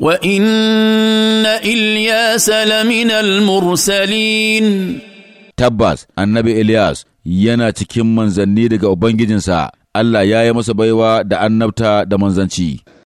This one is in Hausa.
وان الياس لمن المرسلين tabbas annabi Ilyas yana cikin manzanni daga Ubangijinsa, Allah ya yi masa baiwa da annabta da manzanci.